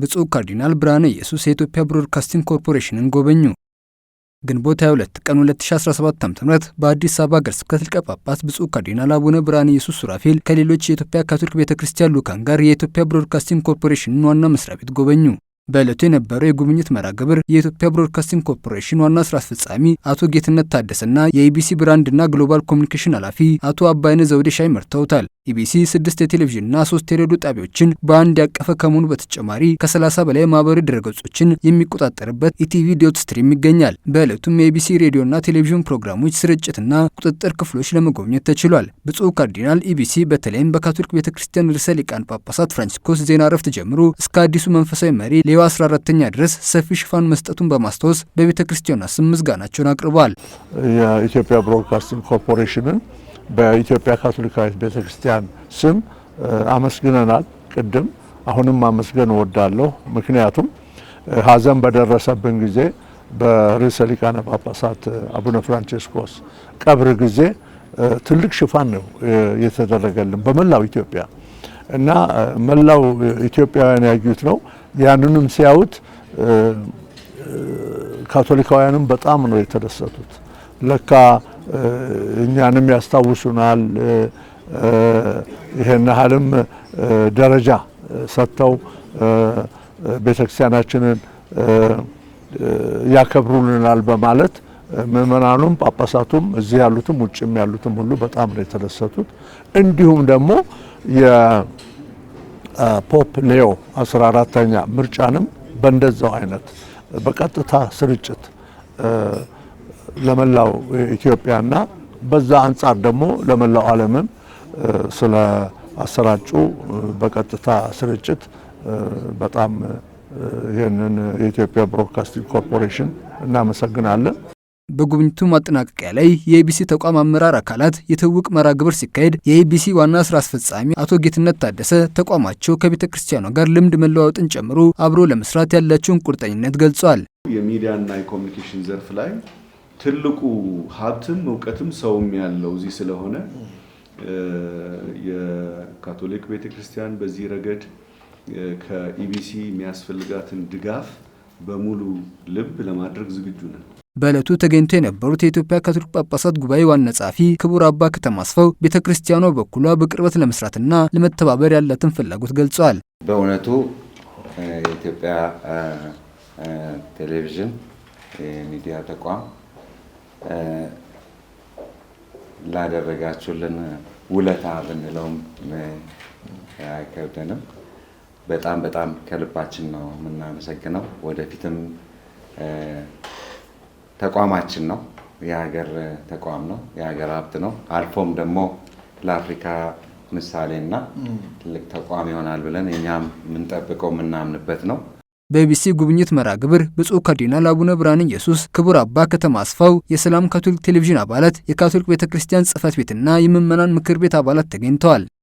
ብፁዕ ካርዲናል ብርሃነ ኢየሱስ የኢትዮጵያ ብሮድካስቲንግ ኮርፖሬሽንን ጎበኙ። ግንቦት 22 ቀን 2017 ዓ.ም በአዲስ አበባ ሀገረ ስብከት ሊቀ ጳጳስ ብፁዕ ካርዲናል አቡነ ብርሃነ ኢየሱስ ሱራፌል ከሌሎች የኢትዮጵያ ካቶሊክ ቤተ ክርስቲያን ልዑካን ጋር የኢትዮጵያ ብሮድካስቲንግ ኮርፖሬሽንን ዋና መስሪያ ቤት ጎበኙ። በዕለቱ የነበረው የጉብኝት መርሃ ግብር የኢትዮጵያ ብሮድካስቲንግ ኮርፖሬሽን ዋና ስራ አስፈጻሚ አቶ ጌትነት ታደሰና የኢቢሲ ብራንድና ግሎባል ኮሚኒኬሽን ኃላፊ አቶ አባይነ ዘውዴ ሻይ መርተውታል። ኢቢሲ ስድስት የቴሌቪዥንና ሶስት የሬዲዮ ጣቢያዎችን በአንድ ያቀፈ ከመሆኑ በተጨማሪ ከ30 በላይ ማህበራዊ ድረገጾችን የሚቆጣጠርበት ኢቲቪ ዶት ስትሪም ይገኛል። በዕለቱም የኢቢሲ ሬዲዮና ቴሌቪዥን ፕሮግራሞች ስርጭትና ቁጥጥር ክፍሎች ለመጎብኘት ተችሏል። ብፁዕ ካርዲናል ኢቢሲ በተለይም በካቶሊክ ቤተ ክርስቲያን ርዕሰ ሊቃን ጳጳሳት ፍራንሲስኮስ ዜና እረፍት ጀምሮ እስከ አዲሱ መንፈሳዊ መሪ ሌዋ 14ኛ ድረስ ሰፊ ሽፋን መስጠቱን በማስታወስ በቤተ ክርስቲያኗ ስም ምስጋናቸውን አቅርበዋል። የኢትዮጵያ ብሮድካስቲንግ ኮርፖሬሽንን በኢትዮጵያ ካቶሊካዊት ቤተ ክርስቲያን ስም አመስግነናል። ቅድም አሁንም አመስገን እወዳለሁ። ምክንያቱም ሀዘን በደረሰብን ጊዜ በርዕሰ ሊቃነ ጳጳሳት አቡነ ፍራንቼስኮስ ቀብር ጊዜ ትልቅ ሽፋን ነው የተደረገልን በመላው ኢትዮጵያ እና መላው ኢትዮጵያውያን ያዩት ነው። ያንንም ሲያዩት ካቶሊካውያንም በጣም ነው የተደሰቱት። ለካ እኛንም ያስታውሱናል ይሄን ያህልም ደረጃ ሰጥተው ቤተክርስቲያናችንን ያከብሩልናል በማለት ምእመናኑም ጳጳሳቱም እዚህ ያሉትም ውጭም ያሉትም ሁሉ በጣም ነው የተደሰቱት። እንዲሁም ደግሞ ፖፕ ሌዮ 14ተኛ ምርጫንም በእንደዛው አይነት በቀጥታ ስርጭት ለመላው ኢትዮጵያና በዛ አንጻር ደግሞ ለመላው ዓለምም ስለ አሰራጩ በቀጥታ ስርጭት በጣም ይህንን የኢትዮጵያ ብሮድካስቲንግ ኮርፖሬሽን እናመሰግናለን። በጉብኝቱ ማጠናቀቂያ ላይ የኢቢሲ ተቋም አመራር አካላት የትውውቅ መርሃ ግብር ሲካሄድ የኢቢሲ ዋና ስራ አስፈጻሚ አቶ ጌትነት ታደሰ ተቋማቸው ከቤተ ክርስቲያኗ ጋር ልምድ መለዋወጥን ጨምሮ አብሮ ለመስራት ያላቸውን ቁርጠኝነት ገልጿል። የሚዲያና የኮሚኒኬሽን ዘርፍ ላይ ትልቁ ሀብትም እውቀትም ሰውም ያለው እዚህ ስለሆነ የካቶሊክ ቤተክርስቲያን በዚህ ረገድ ከኢቢሲ የሚያስፈልጋትን ድጋፍ በሙሉ ልብ ለማድረግ ዝግጁ ነን። በዕለቱ ተገኝተው የነበሩት የኢትዮጵያ ካቶሊክ ጳጳሳት ጉባኤ ዋና ጸሐፊ ክቡር አባ ከተማ ቤተ ክርስቲያኗ በኩሏ በቅርበት ለመስራትና ለመተባበር ያላትን ፍላጎት ገልጿል። በእውነቱ የኢትዮጵያ ቴሌቪዥን የሚዲያ ተቋም ላደረጋችሁልን ውለታ ብንለውም አይከብደንም። በጣም በጣም ከልባችን ነው የምናመሰግነው። ወደፊትም ተቋማችን ነው፣ የሀገር ተቋም ነው፣ የሀገር ሀብት ነው። አልፎም ደግሞ ለአፍሪካ ምሳሌና ትልቅ ተቋም ይሆናል ብለን እኛም የምንጠብቀው የምናምንበት ነው። በቢሲ ጉብኝት መራ ግብር ብፁዕ ካርዲናል አቡነ ብርሃነ ኢየሱስ፣ ክቡር አባ ከተማ አስፋው፣ የሰላም ካቶሊክ ቴሌቪዥን አባላት፣ የካቶሊክ ቤተ ክርስቲያን ጽሕፈት ቤትና የምዕመናን ምክር ቤት አባላት ተገኝተዋል።